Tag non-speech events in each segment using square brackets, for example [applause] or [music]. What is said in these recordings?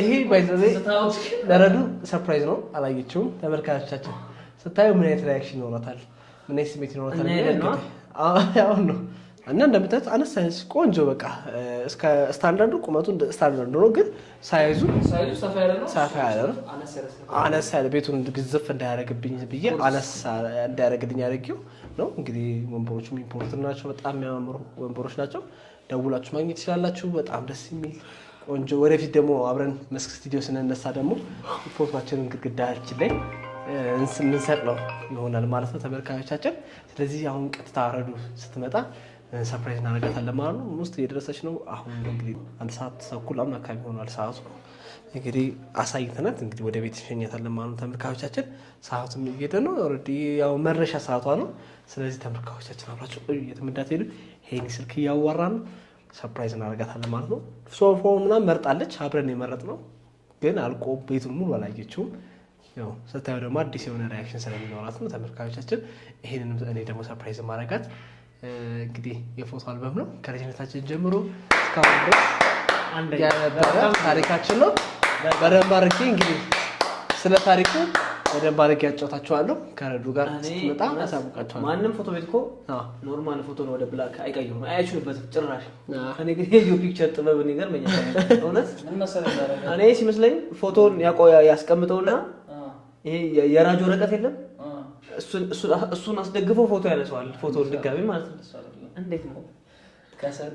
ይሄ ባይዘቤ ለረዱ ሰርፕራይዝ ነው፣ አላየችውም። ተመልካቾቻችን ስታየው ምን አይነት ሪያክሽን ይኖራታል? ምን አይነት ስሜት ይኖራታል? አሁን ነው እና እንደምታዩት አነስ ቆንጆ በቃ እስከ ስታንዳርዱ ቁመቱ ስታንዳርዱ ነው፣ ግን ሳይዙ ሰፋ ያለ ነው። አነሳ ያለ ቤቱን ግዝፍ እንዳያደርግብኝ ብዬ አነሳ እንዳያደርግልኝ ያደረግው ነው። እንግዲህ ወንበሮቹም ኢምፖርት ናቸው፣ በጣም የሚያማምሩ ወንበሮች ናቸው። ደውላችሁ ማግኘት ትችላላችሁ። በጣም ደስ የሚል ቆንጆ ወደፊት ደግሞ አብረን መስክ ስቱዲዮ ስንነሳ ደግሞ ፎቶችንን ግድግዳችን ላይ ነው ይሆናል ማለት ነው ተመልካዮቻችን። ስለዚህ አሁን ቀጥታ ረዱ ስትመጣ ሰርፕራይዝ እናደርጋታለን ማለት ነው። ውስጥ የደረሰች ነው። አሁን እንግዲህ አንድ ሰዓት ተኩል አሁን አካባቢ ሆኗል ሰዓቱ። እንግዲህ አሳይተናት እንግዲህ ወደ ቤት እንሸኛታለን ማለት ነው ተመልካዮቻችን። ሰዓቱም እየሄደ ነው። ኦልሬዲ ያው መረሻ ሰዓቷ ነው። ስለዚህ ተመልካዮቻችን አብራቸው ቆዩ፣ የትም እንዳትሄዱ። ሄኒ ስልክ እያዋራ ነው ሰርፕራይዝ እናደርጋታለን ማለት ነው። ሶፋውን ምናምን መርጣለች፣ አብረን የመረጥ ነው። ግን አልቆ ቤቱን ሙሉ አላየችውም። ያው ስታዩ ደግሞ አዲስ የሆነ ሪያክሽን ስለሚኖራት ነው ተመልካቾቻችን። ይህንን እኔ ደግሞ ሰርፕራይዝ ማድረጋት እንግዲህ የፎቶ አልበም ነው ከልጅነታችን ጀምሮ እስካሁን ድረስ ያነበረ ታሪካችን ነው። በደንብ አድርጌ እንግዲህ ስለ ታሪኩ በደንብ አድርጌ ያጫውታችኋለሁ። ከረዱ ጋር ስትመጣ ያሳውቃችኋለሁ። ማንም ፎቶ ቤት እኮ ኖርማል ፎቶ ነው ወደ ብላክ አይቀይሩም፣ አያችሁበትም ጭራሽ። እኔ ግን የዩ ፒክቸር ጥበብ ይገርመኛል። እውነት እኔ ሲመስለኝ ፎቶን ያስቀምጠውና ይሄ የራጆ ወረቀት የለም እሱን አስደግፈው ፎቶ ያነሰዋል። ፎቶ ድጋሚ ማለት ነው። እንዴት ነው ከሰል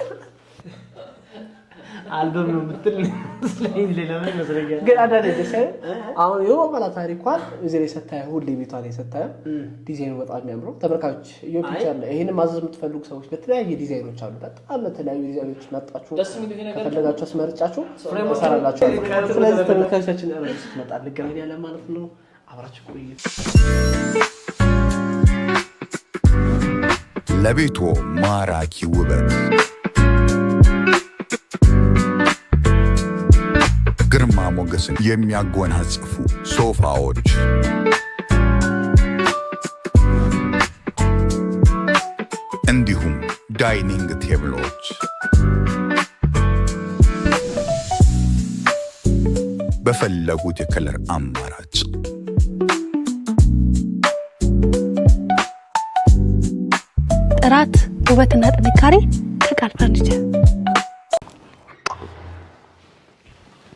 አልበም ነው የምትል ግን አንዳንድ ደስ አሁን የሆነ ታሪኳን እዚህ ላይ ሰታየ ሁሌ ቤቷ ላይ ሰታየ ዲዛይኑ በጣም የሚያምረው ተመልካቾች እዮች አለ። ይህን ማዘዝ የምትፈልጉ ሰዎች በተለያየ ዲዛይኖች አሉ። በጣም በተለያዩ ዲዛይኖች መጣችሁ ከፈለጋችሁ አስመርጫችሁ ሰራላችኋለሁ። ስለዚህ ተመልካቾቻችን ስትመጣ እንገናኛለን ማለት ነው። አብራችሁ ቆይ ለቤቱ ማራኪ ውበት ሞገስን የሚያጎናጽፉ ሶፋዎች እንዲሁም ዳይኒንግ ቴብሎች በፈለጉት የከለር አማራጭ ጥራት፣ ውበትና ጥንካሬ ከቃል ፈርንቸር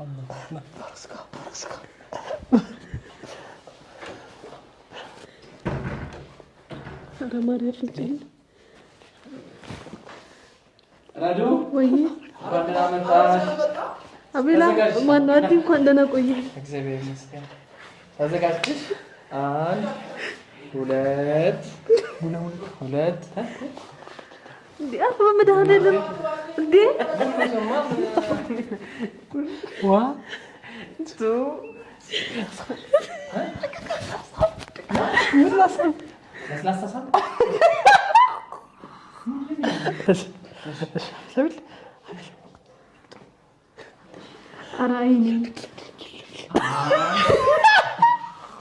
Allah. Parası ኧረ ወይ አቤላ ማነው? አዲ እንኳን ደህና እግዚአብሔር ይመስገን። ተዘጋጅተሽ አንድ ሁለት ሁለት በመድኃኒዓለም እንዴ ዋ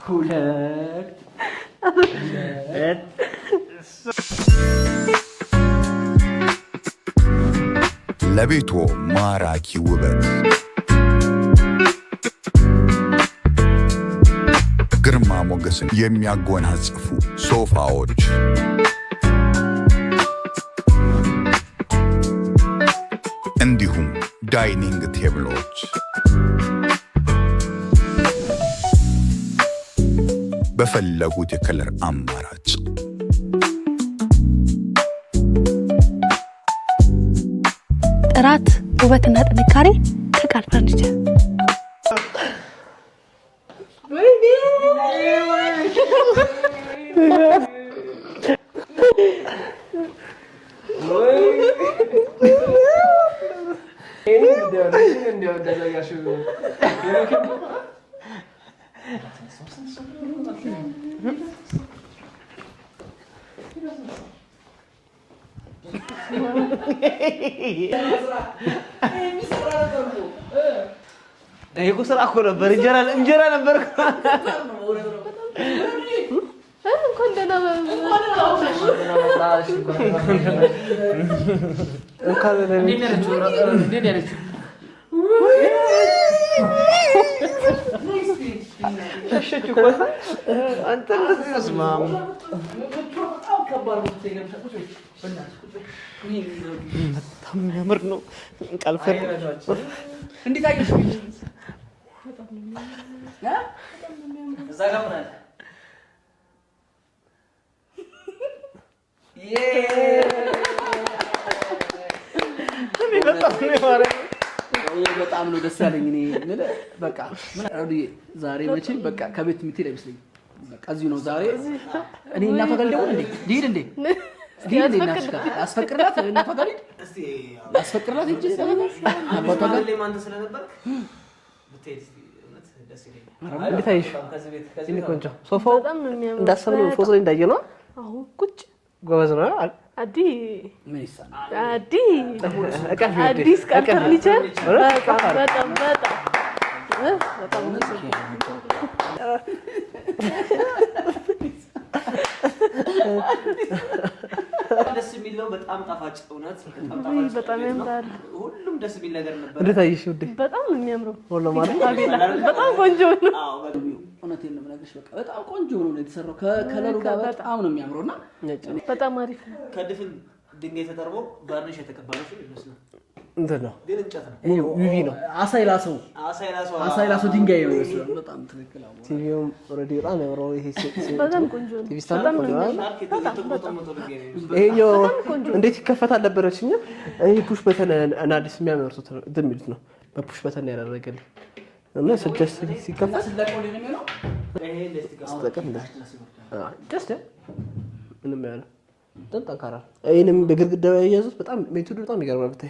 ሁለት ለቤቶ ማራኪ ውበት ግርማ ሞገስን የሚያጎናጽፉ ሶፋዎች፣ እንዲሁም ዳይኒንግ ቴብሎች በፈለጉት የከለር አማራጭ ጥራት ውበትና ጥንካሬ ከቃል ፈርኒቸር ይሄ እኮ ስራ እኮ ነበር። እንጀራ እንጀራ ነበር። በጣም የሚያምር ነው። በጣም ነው ደስ ያለኝ። እኔ በቃ ምን ዛሬ መቼም በቃ ከቤት የምትሄድ አይመስለኝም። በቃ እዚሁ ነው ዛሬ እኔ እናፈጋል ደውል እንዴ ሊሄድ እንዴ አስፈቅድላት እናፈጋሪድ አስፈቅድላት እጅ አባቷ ጋር እንዴት አየሽ? ቆንጆ እንዳየ ነው። አሁን ቁጭ ጎበዝ ነው። አዲስ ፈርኒቸር በጣም በጣም ደስ የሚል በጣም ጣፋጭ እውነት በጣም ያምራል። ደስ የሚል ነገር ነበር። እንዴት አየሽ ውዴ? በጣም ነው የሚያምረው። በጣም ቆንጆ ነው። እውነቴን ነው የምነግርሽ። በቃ በጣም ቆንጆ ነው የተሰራው። ከከለሩ ጋር በጣም ነው የሚያምረው እና በጣም አሪፍ ነው። ከድፍን ድንጋይ ተጠርቦ ባርኒሽ የተቀባ ይመስላል እንትን ነው ዩቪ ነው። አሳይላሰው አሳይላሰው ድንጋይ ነው በጣም ቲቪውም ኦልሬዲ በጣም ይሄ ቲቪ ይሄኛው እንዴት ይከፈታል ፑሽ በተን እና የሚያመርቱት ነው። በፑሽ በተን ያደረገልኝ እና ስድስት ያለ በጣም ጠንካራ። ያያዙት በጣም ሜቶድ በጣም ይገርማል ብታይ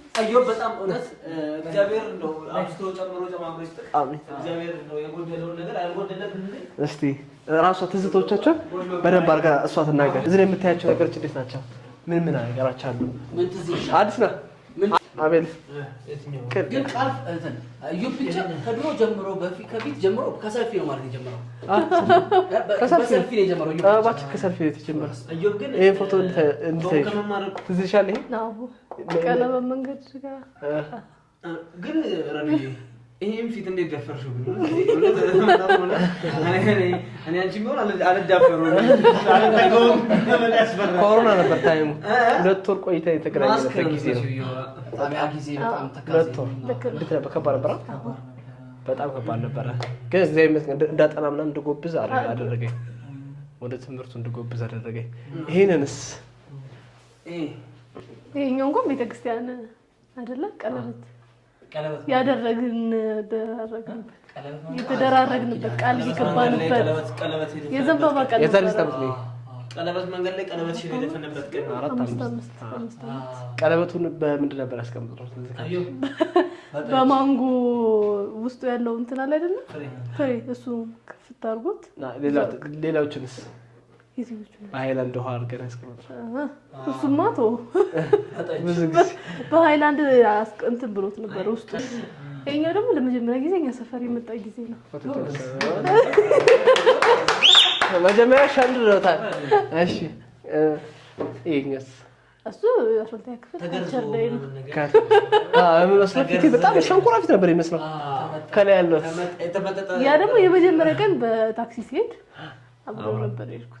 አየሁ በጣም እውነት እግዚአብሔር እንደው አብዝቶ ጨምሮ ጨማምሮ እግዚአብሔር እንደው የጎደለውን ነገር እስቲ ትዝቶቻቸው በደንብ አድርጋ እሷ ትናገር። እዚህ ላይ የምታያቸው ነገሮች እንዴት ናቸው? ምን ምን ነገራች አሉ? ምን ትዝ አዲስ ነህ አቤል ግን ከድሮ ጀምሮ በፊት ከፊት ጀምሮ ከሰልፊ ነው ማለት የጀመረው ከሰልፊ ነው የጀመረው። እባክህ ከሰልፊ ነው የተጀመረው። ይሄ ፎቶ መንገድ ጋር ግን ይህም ፊት እንዴት ደፈርሽው? ግን እኔ አንቺ ቢሆን አልዳፈረውም። ኮሮና ነበር ታይሙ። ሁለት ወር ቆይታ የተገናኘንበት ጊዜ ነው። እንዴት ነበር? ነበረ፣ በጣም ከባድ ነበረ። ግን እግዚአብሔር ይመስገን እንዳጠና ምናምን እንድጎብዝ አደረገኝ። ወደ ትምህርቱ እንድጎብዝ አደረገኝ። ይሄንንስ ይሄኛው እንኳን ቤተክርስቲያን አይደለ ቀለበት ያደረግን የተደራረግንበት ቃል የገባንበት የዘንባባ ቀለበት መንገድ ላይ ቀለበቱን በምንድን ነበር ያስቀምጥነው? [laughs] በማንጎ ውስጡ ያለው እንትን አለ አይደለም ፍሬ፣ እሱ ክፍት አድርጎት ሌላዎችንስ በሀይላንድ ውሃ አድርገን ያስቀምጥ። እሱማ ተወው። በሀይላንድ እንትን ብሎት ነበር ውስጡ። ይኸኛው ደግሞ ለመጀመሪያ ጊዜ እኛ ሰፈር የመጣ ጊዜ ነው። መጀመሪያ ሻንድረውታል። እሺ፣ ይኸኛውስ እሱ አስወልታያ ክፍል ቸር ላይ ነው። በጣም ሸንኮራ ፊት ነበር ይመስለው ከላይ ያለት። ያ ደግሞ የመጀመሪያ ቀን በታክሲ ሲሄድ አብረው ነበር የሄድኩት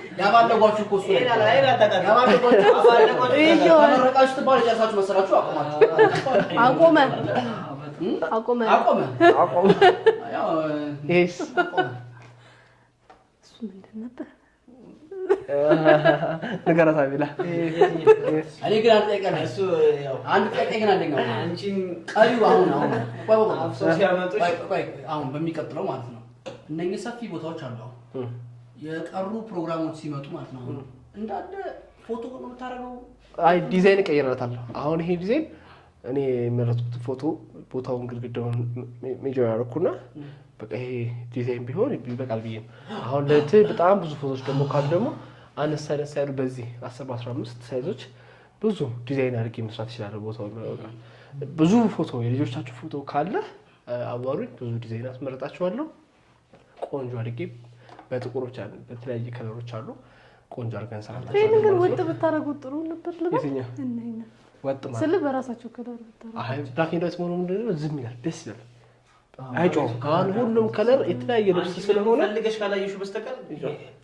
ያባለጓችሁ እኮ እሱ ነው ያባለጓችሁ ትባል ያሳችሁ መሰላችሁ አቆማችሁ አቆመ አቆመ አቆመ አቆመ እሱ ምንድን ነበር ንገረታ ቢላ እኔ ግን አልጠየቀም። እሱ አንድ ጠየቀኝ ግን አለኝ። አንቺን ቀሪው አሁን አሁን ቆይ ቆይ አሁን በሚቀጥለው ማለት ነው እነኚህ ሰፊ ቦታዎች አሉ አሁን የቀሩ ፕሮግራሞች ሲመጡ ማለት ነው እንዳለ ፎቶ ነው የምታደርገው? አይ ዲዛይን እቀይራታለሁ። አሁን ይሄ ዲዛይን እኔ የመረጥኩት ፎቶ ቦታውን ግድግዳውን ሜጀር ያደረኩና በቃ ይሄ ዲዛይን ቢሆን ይበቃል ብዬ ነው። አሁን ለት በጣም ብዙ ፎቶች ደግሞ ካሉ ደግሞ አነሳ አነሳ ያሉ በዚህ አስር በአስራ አምስት ሳይዞች ብዙ ዲዛይን አድርጌ መስራት ይችላለሁ። ቦታው ብዙ ፎቶ የልጆቻችሁ ፎቶ ካለ አዋሩኝ፣ ብዙ ዲዛይን አስመረጣችኋለሁ ቆንጆ አድርጌ በጥቁሮች አሉ፣ በተለያየ ከለሮች አሉ። ቆንጆ አድርገን ሰራላችሁ። ይሄን ግን ወጥ ብታረጉት ጥሩ ነበር። ልበል ወጥ ማለት በራሳቸው ከለር ብታረጉ። አይ ብታኪ ምንድን ነው ዝም ይላል፣ ደስ ይላል፣ አይጮ አሁን ሁሉም ከለር የተለያየ ልብስ ስለሆነ ፈልገሽ ካላየሽው በስተቀር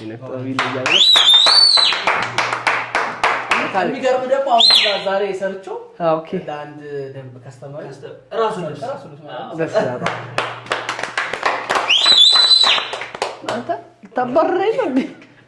ይነጣው ይለያል። የሚገርም ደግሞ አሁን ዛሬ የሰርቸው ለአንድ ደንብ ከስተመር ራሱ ነው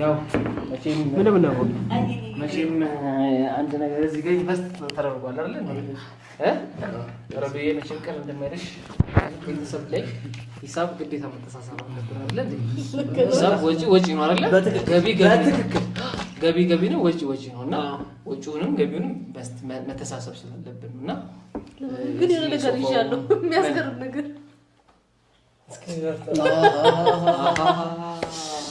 ያው ምንም ነው መቼም አንድ ነገር እዚህ ጋር ኢንቨስት ተደርጓል አይደል? ረዱዬ መቼም ቀር እንደማይደሽ ቤተሰብ ላይ ሂሳብ ግዴታ መተሳሰብ አለብን። ሂሳብ ወጪ ወጪ ነው አይደል? ገቢ ገቢ ገቢ ነው፣ ወጪ ወጪ ነው እና ወጪውንም ገቢውንም መተሳሰብ ስላለብን እና ግን የሆነ ነገር ይዣለሁ የሚያስገርም ነገር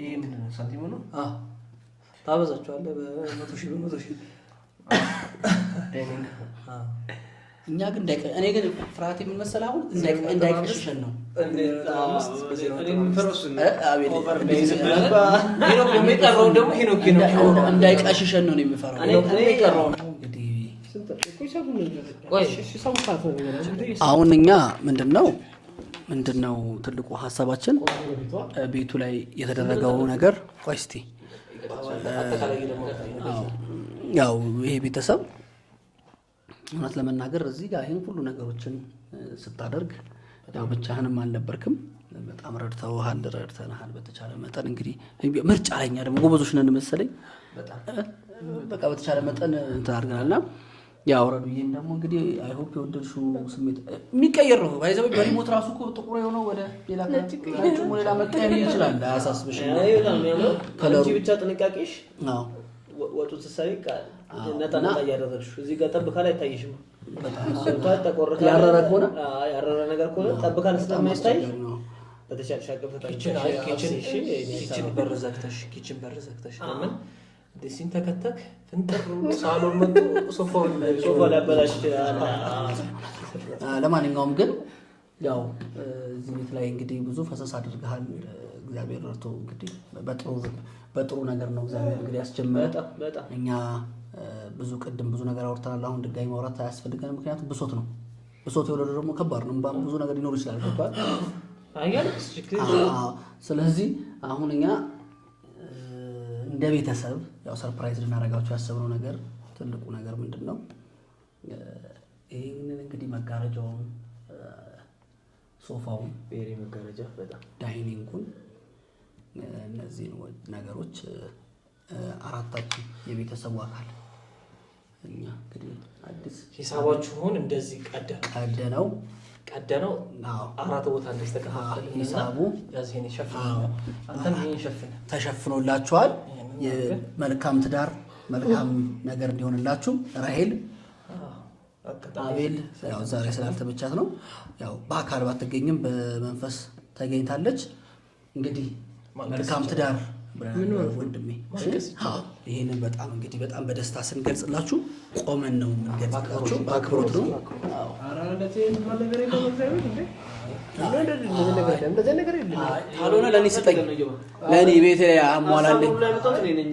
ይህን ሳንቲም ነው በመቶ በመቶ እኛ ግን እኔ ግን ፍርሃት የምንመሰል አሁን እንዳይቀሽለን ነው። እንዳይቀሽሸን ነው የምፈራው። አሁን እኛ ምንድን ነው ምንድን ነው ትልቁ ሀሳባችን ቤቱ ላይ የተደረገው ነገር ቆይ ያው ይሄ ቤተሰብ እውነት ለመናገር እዚህ ጋር ይህን ሁሉ ነገሮችን ስታደርግ ያው ብቻህንም አልነበርክም። በጣም ረድተውሃል፣ ረድተናሃል። በተቻለ መጠን እንግዲህ ምርጫ ለኛ ደግሞ ጎበዞች ነን መሰለኝ በቃ በተቻለ መጠን እንትን አድርገናልና ያውረዱዬን ደግሞ እንግዲህ አይሆፕ የወደድሽው ስሜት የሚቀየር ነው። ባይዘ በሪሞት ራሱ ጥቁር የሆነው ወደ ሌላ መቀየር ይችላል። አያሳስብሽ። ከለሩ ብቻ ጥንቃቄሽ ወጡ ትሳቢ ነጠና እያደረግሽ እዚህ ጋር ጠብካ አይታይሽም። ያረረ ከሆነ ያረረ ነገር ከሆነ ስለማይታይ አቅም ኪችን በር ዘግተሽ ኪችን በር ዘግተሽ ደሲን ተከተክ ፍንጥር ሳሎን መጥቶ ሶፋውን ሶፋ ሊያበላሽ ይችላል። ለማንኛውም ግን ያው እዚህ ቤት ላይ እንግዲህ ብዙ ፈሰስ አድርገሃል። እግዚአብሔር ረድቶ እንግዲህ በጥሩ ነገር ነው እግዚአብሔር እንግዲህ ያስጀመረ። እኛ ብዙ ቅድም ብዙ ነገር አውርተናል። አሁን ድጋሚ ማውራት አያስፈልገን፣ ምክንያቱም ብሶት ነው። ብሶት የወለደ ደግሞ ከባድ ነው። ብዙ ነገር ሊኖር ይችላል። ስለዚህ አሁን እኛ እንደ ቤተሰብ ያው ሰርፕራይዝ ልናደርጋቸው ያሰብነው ነገር ትልቁ ነገር ምንድን ነው? ይህንን እንግዲህ መጋረጃውን፣ ሶፋውን፣ መጋረጃ በጣም ዳይኒንጉን፣ እነዚህን ነገሮች አራታችን የቤተሰቡ አካል እኛ እንግዲህ አዲስ ሂሳባችሁን እንደዚህ ቀደ ቀደ ነው ቀደ ነው አራት ቦታ እንደዚህ ተከፋፈለ። ሂሳቡ ያዚህን ይሸፍናል፣ ተሸፍኖላችኋል። መልካም ትዳር መልካም ነገር እንዲሆንላችሁ ራሄል አቤል ያው ዛሬ ስላልተመቻት ነው። ያው በአካል ባትገኝም በመንፈስ ተገኝታለች። እንግዲህ መልካም ትዳር ወንድሜ ይህንን በጣም እንግዲህ በጣም በደስታ ስንገልጽላችሁ ቆመን ነው የምንገልጽላችሁ፣ በአክብሮት ነው። ካልሆነ ለእኔ ስጠኝ፣ ለእኔ ቤት አሟላለኝ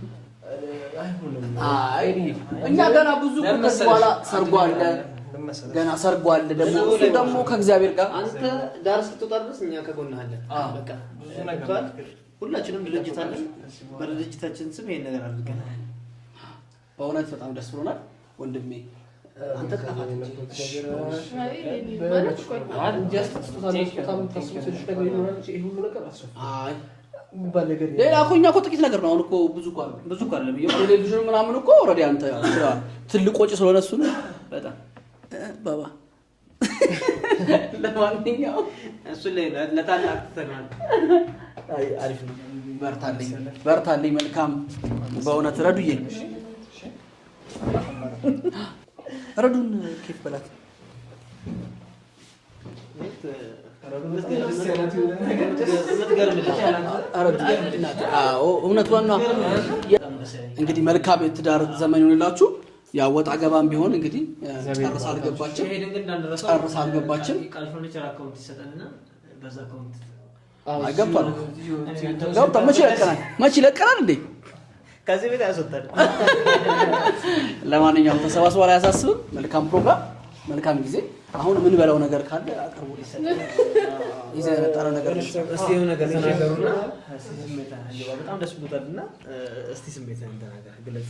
አይ እኛ ገና ብዙ ከዚህ በኋላ ሰርጎ አለ፣ ገና ሰርጎ አለ። ደግሞ እሱ ደግሞ ከእግዚአብሔር ጋር አንተ ዳር ስትወጣ ድረስ እኛ ከጎንህ አለን። በቃ ሁላችንም ድርጅት አለን። በድርጅታችን ስም ይሄን ነገር አድርገናል። በእውነት በጣም ደስ ብሎናል ወንድሜ። አንተ ሌላ እኮ እኛ እኮ ጥቂት ነገር ነው። አሁን እኮ ብዙ ብዙ እኮ አይደለም። ምናምን እኮ ኦልሬዲ አንተ ትልቅ ወጪ ስለሆነ እሱን በጣም ባባ [laughs] ለማንኛውም እሱ ለታላቅ በርታልኝ፣ በርታልኝ። መልካም በእውነት ረዱዬ፣ ረዱን ኬፍ በላት እውነት ዋና እንግዲህ መልካም የትዳር ዘመን ይሆንላችሁ። ያው ወጣ ገባም ቢሆን እንግዲህ ጨርስ አልገባችም፣ ጨርስ አልገባችም። ገብቷል ገብቷል። መቼ ይለቀናል? መቼ ይለቀናል እንዴ? ከዚህ ቤት ያስወጣል። ለማንኛውም ላይ ያሳስብም። መልካም ፕሮግራም፣ መልካም ጊዜ አሁን ምን በለው ነገር ካለ አቅርቡ። ሊሰጥ [laughs] ይዘህ የመጣነው ነገር እስቲ የሆነ ነገር ተናገሩና በጣም ደስ ብሎታልና እስቲ ስሜትህን ተናገር፣ ግለጽ።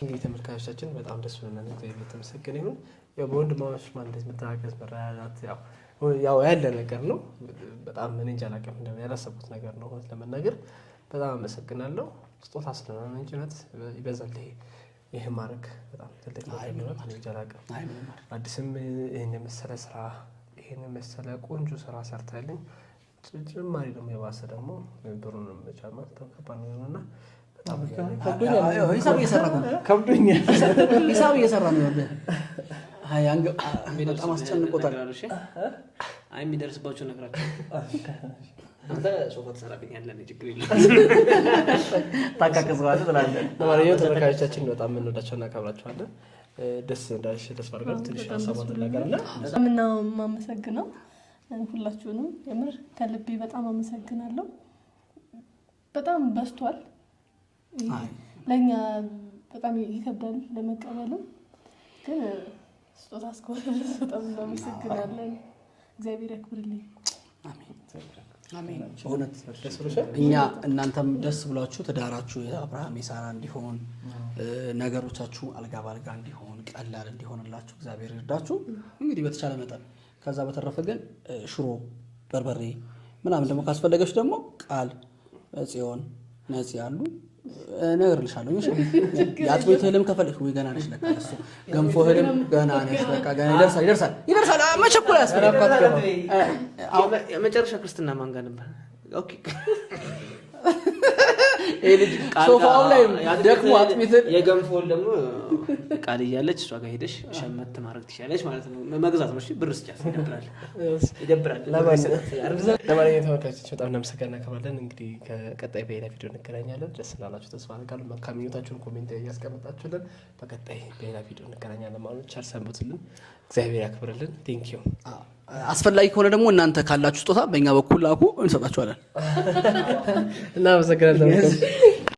እንግዲህ ተመልካቾቻችን በጣም ደስ ብሎናል። እግዚአብሔር የተመሰገነ ይሁን። ያው በወንድማማች ማለት መተጋገዝ፣ መረዳዳት ያው ያው ያለ ነገር ነው። በጣም እኔ እንጃ አላውቅም፣ ያላሰብኩት ነገር ነው ለመናገር። በጣም አመሰግናለሁ። ስጦታ ስለሆነ እንጭነት ይበዛል ይሄ ይህ ማድረግ በጣም ትልቅ አዲስም ይህን የመሰለ ስራ ይህን የመሰለ ቆንጆ ስራ ሰርተልኝ ጭማሪ ደግሞ የባሰ ደግሞ ብሩን መጨመር ከባድ ነው እና ሂሳብ እየሰራ ነው። [laughs] ከብዶኛል። [laughs] በጣም አስጨንቆታል። የሚደርስባቸው ነግራቸው አንተ ሶፋ ትሰራብኛለህ፣ ችግር የለም [laughs] ታካክዘዋለህ ትላለህ። ለማንኛውም ተመልካቾቻችን በጣም የምንወዳቸው እናከብራቸዋለን። ደስ እንዳለሽ ተስፋ አድርጋለሁ። ትንሽ ሀሳቧን ትናገራለህ። በጣም ነው የማመሰግነው ሁላችሁንም፣ የምር ከልቤ በጣም አመሰግናለሁ። በጣም በስቷል ለእኛ በጣም ይከብዳል ለመቀበልም፣ ግን ስጦታ እስከሆነ በጣም እናመሰግናለን። እግዚአብሔር ያክብርልኝ። በእውነት እኛ እናንተም ደስ ብሏችሁ ትዳራችሁ የአብርሃም የሳራ እንዲሆን ነገሮቻችሁ አልጋ ባልጋ እንዲሆን ቀላል እንዲሆንላችሁ እግዚአብሔር ይርዳችሁ። እንግዲህ በተቻለ መጠን ከዛ በተረፈ ግን ሽሮ በርበሬ ምናምን ደግሞ ካስፈለገች ደግሞ ቃል ጽዮን ነጽ ያሉ እነግርልሻለሁ የአጥቦ እህልም ከፈልክ ወይ ገና ነሽ፣ ለካ እሱ ገንፎ እህልም ገና ነሽ፣ ለካ ገና ይደርሳል፣ ይደርሳል፣ ይደርሳል። መቸኩል አያስፈልግም። መጨረሻ ክርስትና ማን ጋር ነበር? ሶፋው ላይ ደግሞ አጥሚትን የገንፎን ደግሞ ቃል እያለች እሷ ጋር ሄደሽ ሸመት ማድረግ ትችላለች ማለት ነው። መግዛት ነው ብር ይደብራል፣ ለማንኛውም ተመልካቾች በጣም እናመሰግናለን፣ እናከብራለን። እንግዲህ ከቀጣይ በሌላ ቪዲዮ እንገናኛለን። ደስ እንዳላችሁ ተስፋ አደርጋለሁ። መልካም ምኞታችሁን ኮሜንት እያስቀመጣችሁልን፣ በቀጣይ በሌላ ቪዲዮ እንገናኛለን ማለት እግዚአብሔር ያክብርልን። አስፈላጊ ከሆነ ደግሞ እናንተ ካላችሁ ስጦታ በእኛ በኩል ላኩ፣ እንሰጣችኋለን። [laughs] እናመሰግናለን።